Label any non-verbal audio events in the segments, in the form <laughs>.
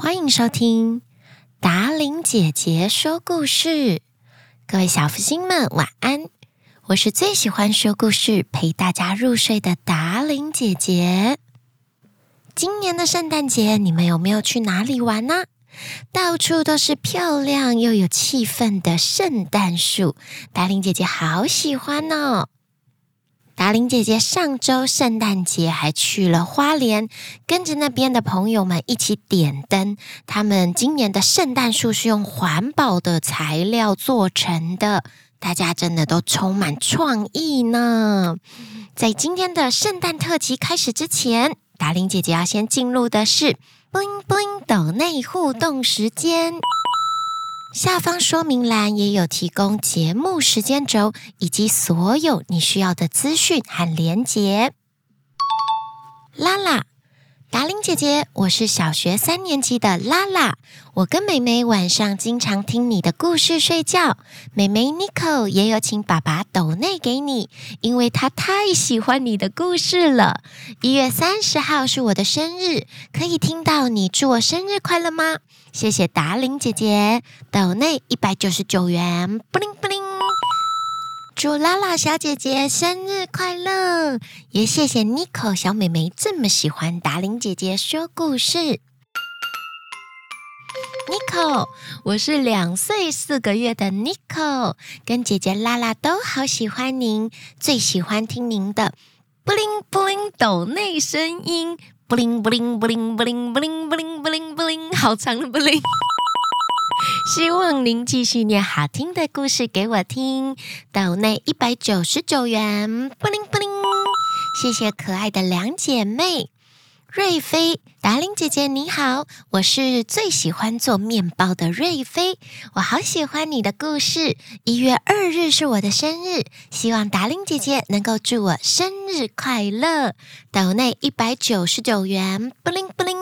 歡迎收聽達伶姐姐說故事，各位小福星們晚安！我是最喜歡說故事陪大家入睡的達伶姐姐。今年的聖誕節，你們有沒有去哪裡玩呢？到處都是漂亮又有氣氛的聖誕樹，達伶姐姐好喜歡哦！達伶姐姐上周聖誕節還去了花蓮，跟着那邊的朋友們一起點燈。他們今年的聖誕樹是用環保的材料做成的，大家真的都充滿創意呢。在今天的聖誕特輯開始之前，達伶姐姐要先進入的是 “bling bling 抖內互動時間”。下方說明欄也有提供節目時間軸，以及所有你需要的資訊和連結。拉拉。達伶姐姐，我是小學三年級的拉拉。我跟妹妹晚上經常聽你的故事睡覺。妹妹妮可也有請爸爸抖內給你，因為她太喜歡你的故事了。一月三十號是我的生日，可以聽到你祝我生日快樂嗎？謝謝達伶姐姐，抖內一百九十九元，Bling。祝拉拉小姐姐生日快樂！也謝謝 Nico 小妹妹這麼喜歡達伶姐姐說故事。 <noise> Nico，我是兩歲四個月的 Nico，跟姐姐拉拉都好喜歡您，最喜歡聽您的布靈布靈抖內聲音，布靈布靈布靈布靈布靈布靈布靈布靈，好長的布靈。希望您繼續念好聽的故事給我聽。抖內一百九十九元，Bling Bling。謝謝可愛的兩姐妹。瑞菲、達伶姐姐，你好，我是最喜歡做麵包的瑞菲，我好喜歡你的故事。一月二日是我的生日，希望達伶姐姐能夠祝我生日快樂。抖內一百九十九元，Bling Bling。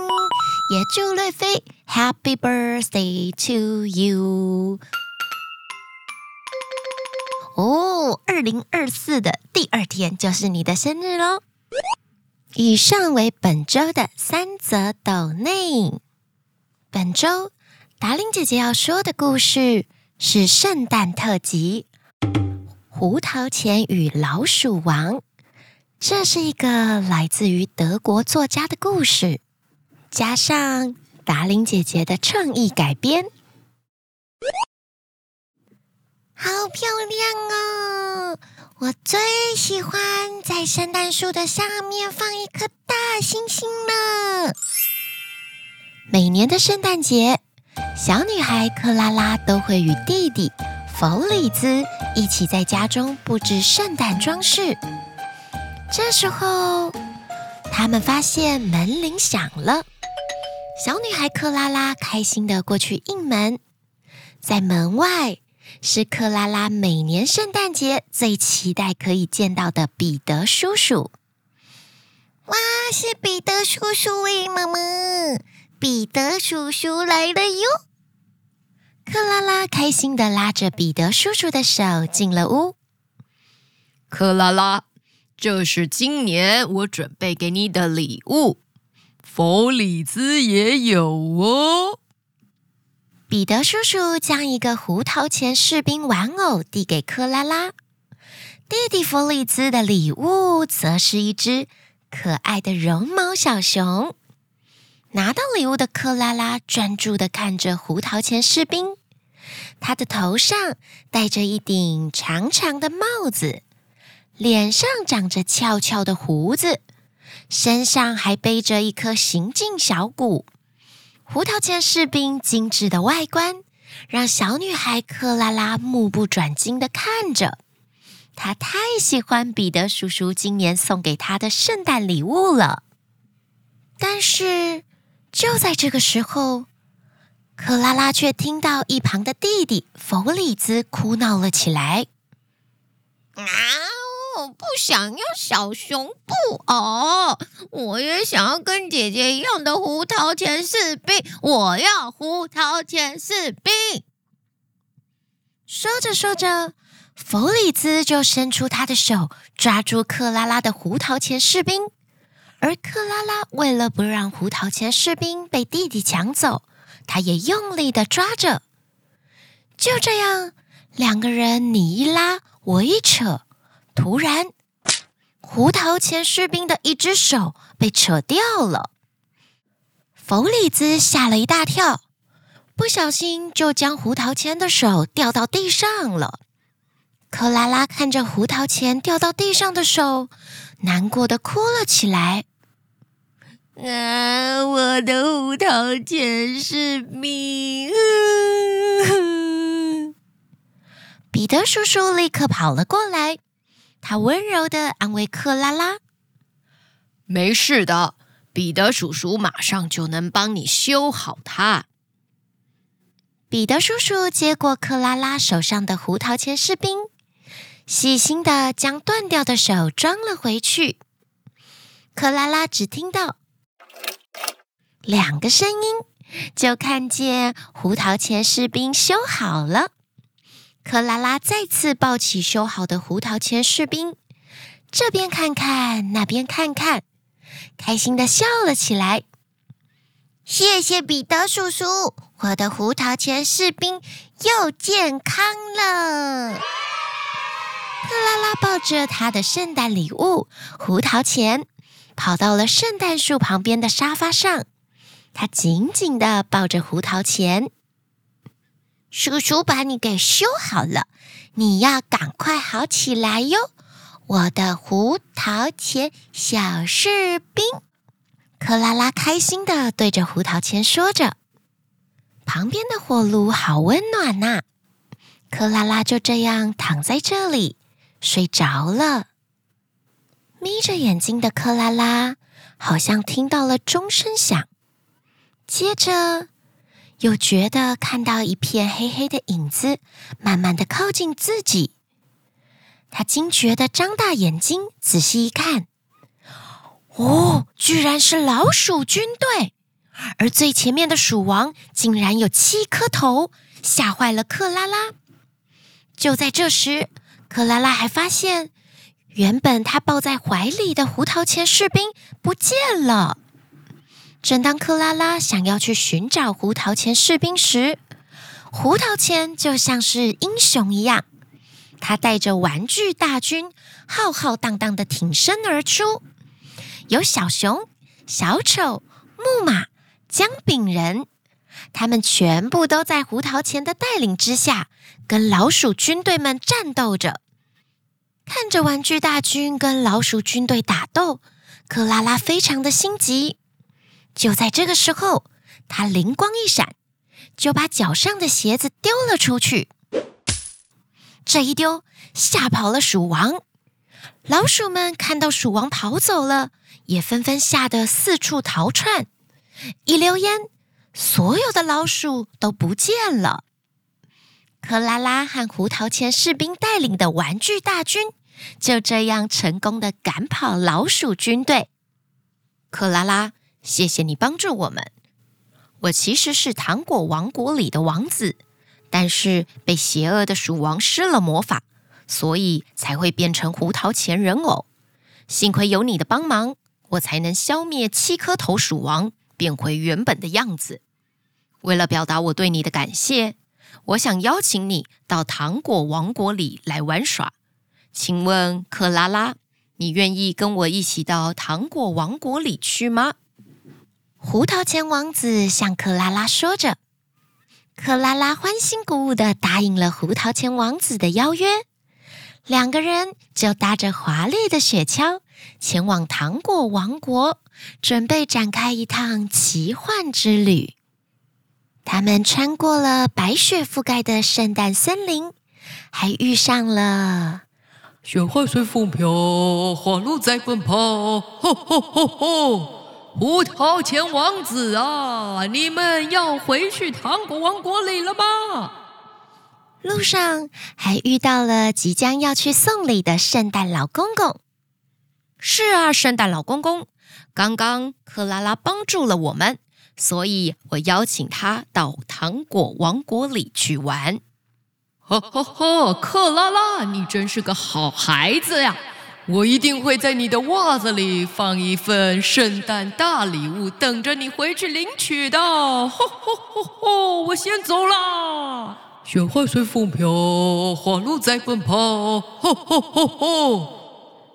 也祝瑞菲 Happy Birthday to you！哦，二零二四的第二天就是你的生日嘍！以上為本周的三則抖內。本周達伶姐姐要說的故事是聖誕特輯《胡桃鉗與老鼠王》，這是一個來自於德國作家的故事。加上達伶姐姐的創意改編，好漂亮哦！我最喜歡在聖誕樹的上面放一顆大星星了。每年的聖誕節，小女孩克拉拉都會與弟弟弗里茲一起在家中布置聖誕裝飾。這時候，他們發現門鈴響了。小女孩克拉拉開心的過去應門，在門外是克拉拉每年聖誕節最期待可以見到的彼得叔叔。哇，是彼得叔叔耶，媽媽，彼得叔叔來了喲！克拉拉開心的拉着彼得叔叔的手進了屋。克拉拉，這是今年我準備給你的禮物。弗里茲也有哦。彼得叔叔將一個胡桃鉗士兵玩偶遞給克拉拉，弟弟弗里茲的禮物則是一隻可愛的絨毛小熊。拿到禮物的克拉拉專注地看着胡桃鉗士兵，他的頭上戴着一頂長長的帽子，臉上長着翹翹的鬍子。身上還背着一顆行進小鼓，胡桃鉗士兵精致的外觀讓小女孩克拉拉目不轉睛的看着。她太喜歡彼得叔叔今年送給她的聖誕禮物了。但是就在這個時候，克拉拉卻聽到一旁的弟弟弗里茲哭鬧了起來。啊。我不想要小熊布偶，哦，我也想要跟姐姐一樣的胡桃鉗士兵。我要胡桃鉗士兵。說着說着，弗里茲就伸出他的手，抓住克拉拉的胡桃鉗士兵，而克拉拉為了不讓胡桃鉗士兵被弟弟搶走，他也用力的抓着。就這樣，兩個人你一拉，我一扯。突然，胡桃鉗士兵的一隻手被扯掉了，弗里茲嚇了一大跳，不小心就將胡桃鉗的手掉到地上了。克拉拉看着胡桃鉗掉到地上的手，難過的哭了起來。啊，我的胡桃鉗士兵！ <laughs> 彼得叔叔立刻跑了過來。他溫柔的安慰克拉拉：“沒事的，彼得叔叔馬上就能幫你修好它。”彼得叔叔接過克拉拉手上的胡桃鉗士兵，細心的將斷掉的手裝了回去。克拉拉只聽到兩個聲音，就看見胡桃鉗士兵修好了。克拉拉再次抱起修好的胡桃鉗士兵，這邊看看，那邊看看，開心的笑了起來。謝謝彼得叔叔，我的胡桃鉗士兵又健康了。克拉拉抱着她的聖誕禮物胡桃鉗，跑到了聖誕樹旁邊的沙發上，她緊緊的抱着胡桃鉗。叔叔把你給修好了，你要趕快好起來喲！我的胡桃鉗小士兵，克拉拉開心地對着胡桃鉗說着。旁邊的火爐好溫暖吶、啊！克拉拉就這樣躺在這裡睡着了。眯着眼睛的克拉拉好像聽到了鐘聲響，接着。又覺得看到一片黑黑的影子，慢慢的靠近自己。他驚覺的張大眼睛，仔細一看，哦，居然是老鼠軍隊！而最前面的鼠王竟然有七顆頭，嚇壞了克拉拉。就在這時，克拉拉還發現，原本她抱在懷裡的胡桃鉗士兵不見了。正當克拉拉想要去尋找胡桃鉗士兵時，胡桃鉗就像是英雄一樣，他帶着玩具大軍浩浩蕩蕩的挺身而出。有小熊、小丑、木馬、薑餅人，他們全部都在胡桃鉗的帶領之下，跟老鼠軍隊們戰鬥着。看着玩具大軍跟老鼠軍隊打鬥，克拉拉非常的心急。就在這個時候，他靈光一閃，就把腳上的鞋子丟了出去。這一丟，嚇跑了鼠王。老鼠們看到鼠王跑走了，也紛紛嚇得四處逃竄。一溜煙，所有的老鼠都不見了。克拉拉和胡桃鉗士兵帶領的玩具大軍，就這樣成功的趕跑老鼠軍隊。克拉拉。謝謝你幫助我們。我其實是糖果王國裡的王子，但是被邪惡的鼠王施了魔法，所以才會變成胡桃鉗人偶。幸虧有你的幫忙，我才能消滅七顆頭鼠王，變回原本的樣子。為了表達我對你的感謝，我想邀請你到糖果王國裡來玩耍。請問，克拉拉，你願意跟我一起到糖果王國裡去嗎？胡桃鉗王子向克拉拉說着，克拉拉歡欣鼓舞的答應了胡桃鉗王子的邀約，兩個人就搭着華麗的雪橇，前往糖果王國，準備展開一趟奇幻之旅。他們穿過了白雪覆蓋的聖誕森林，還遇上了。雪花胡桃鉗王子啊，你們要回去糖果王國裡了嗎？路上還遇到了即將要去送禮的聖誕老公公。是啊，聖誕老公公，剛剛克拉拉幫助了我們，所以我邀請他到糖果王國裡去玩。哈哈哈，克拉拉，你真是個好孩子呀！我一定會在你的襪子裡放一份聖誕大禮物，等着你回去領取的。吼吼吼吼！我先走啦。雪花隨風飄，花鹿在奔跑。吼吼吼吼！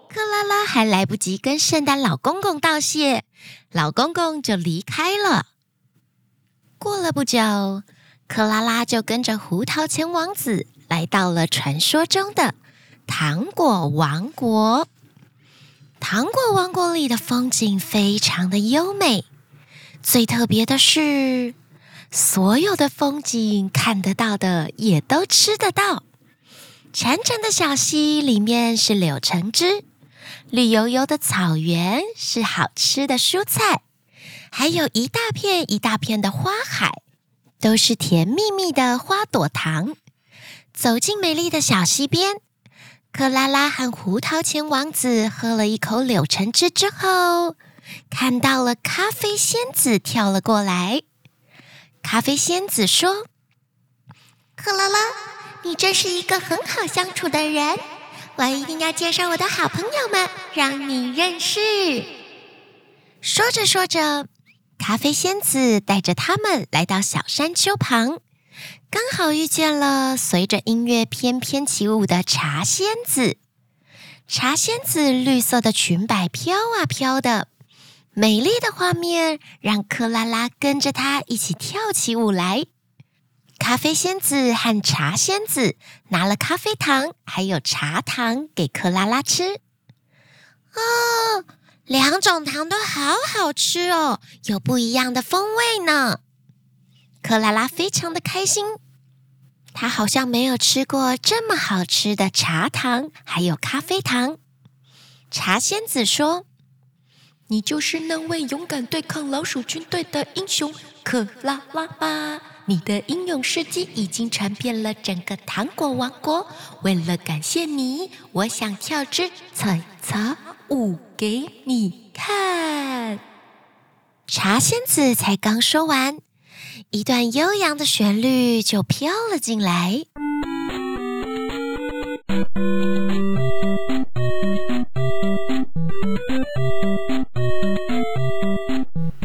克拉拉還來不及跟聖誕老公公道謝，老公公就離開了。過了不久，克拉拉就跟着胡桃鉗王子來到了傳說中的。糖果王國，糖果王國裡的風景非常的優美。最特別的是，所有的風景看得到的，也都吃得到。潺潺的小溪裡面是柳橙汁，綠油油的草原是好吃的蔬菜，還有一大片一大片的花海，都是甜蜜蜜的花朵糖。走進美麗的小溪邊。克拉拉和胡桃鉗王子喝了一口柳橙汁之後，看到了咖啡仙子跳了過來。咖啡仙子說：“克拉拉，你真是一個很好相處的人，我一定要介紹我的好朋友們讓你認識。”說着說着，咖啡仙子帶着他們來到小山丘旁。剛好遇見了隨着音樂翩翩起舞的茶仙子。茶仙子綠色的裙擺飄啊飄的，美麗的畫面讓克拉拉跟着她一起跳起舞來。咖啡仙子和茶仙子拿了咖啡糖還有茶糖給克拉拉吃。哦，兩種糖都好好吃哦，有不一樣的風味呢。克拉拉非常的開心，她好像沒有吃過這麼好吃的茶糖，還有咖啡糖。茶仙子說：“你就是那位勇敢對抗老鼠軍隊的英雄，克拉拉吧！你的英勇事蹟已經傳遍了整個糖果王國。為了感謝你，我想跳支採茶舞給你看。”茶仙子才剛說完。一段悠揚的旋律，就飄了進來。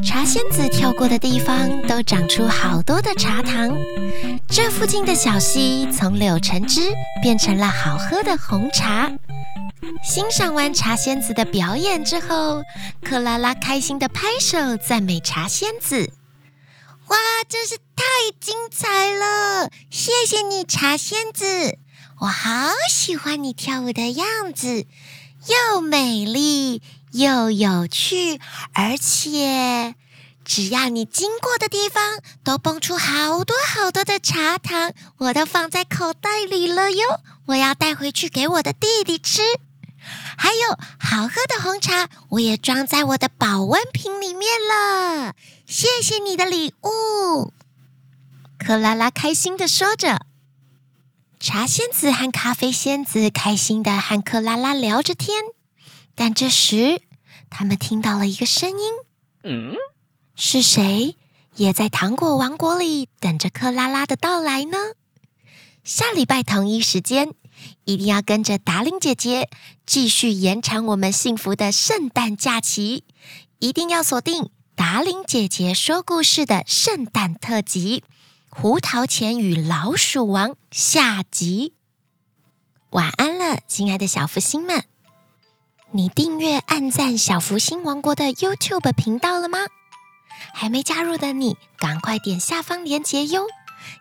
茶仙子跳過的地方都長出好多的茶糖，這附近的小溪從柳橙汁，變成了好喝的紅茶。欣賞完茶仙子的表演之後，克拉拉開心的拍手讚美茶仙子。哇，真是太精彩了！謝謝你，茶仙子，我好喜歡你跳舞的樣子，又美麗又有趣，而且只要你經過的地方都蹦出好多好多的茶糖，我都放在口袋裡了喲，我要帶回去給我的弟弟吃。還有好喝的紅茶，我也裝在我的保溫瓶裡面了。謝謝你的禮物，克拉拉開心的說着。茶仙子和咖啡仙子開心的和克拉拉聊着天，但這時他們聽到了一個聲音：“嗯，是誰也在糖果王國裡等着克拉拉的到來呢？”下禮拜同一時間，一定要跟着達伶姐姐繼續延長我們幸福的聖誕假期，一定要鎖定。達伶姐姐說故事的聖誕特輯《胡桃鉗與老鼠王》下集，晚安了，親愛的小福星們！你訂閱、按讚小福星王國的 YouTube 頻道了嗎？還沒加入的你，趕快點下方鏈接喲！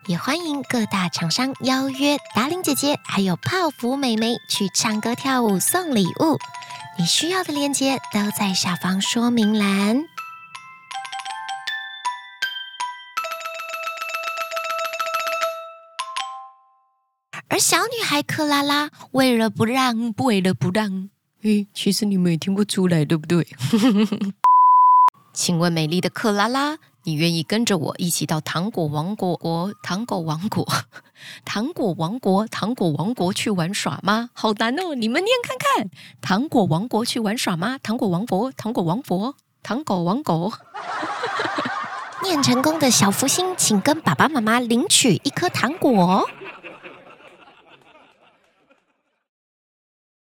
也歡迎各大廠商邀約達伶姐姐還有泡芙妹妹去唱歌跳舞送禮物。你需要的鏈接都在下方說明欄。小女孩克拉拉為了不讓，為了不讓，咦，其實你們也聽不出來，對不對？ <laughs> 請問美麗的克拉拉，你願意跟着我一起到糖果王國國，果王國、糖果王國、糖果王國、糖果王國去玩耍嗎？好難哦，你們念看看，糖果王國去玩耍嗎？糖果王國、糖果王國、糖果王國。 <laughs> 念成功的小福星，請跟爸爸媽媽領取一顆糖果。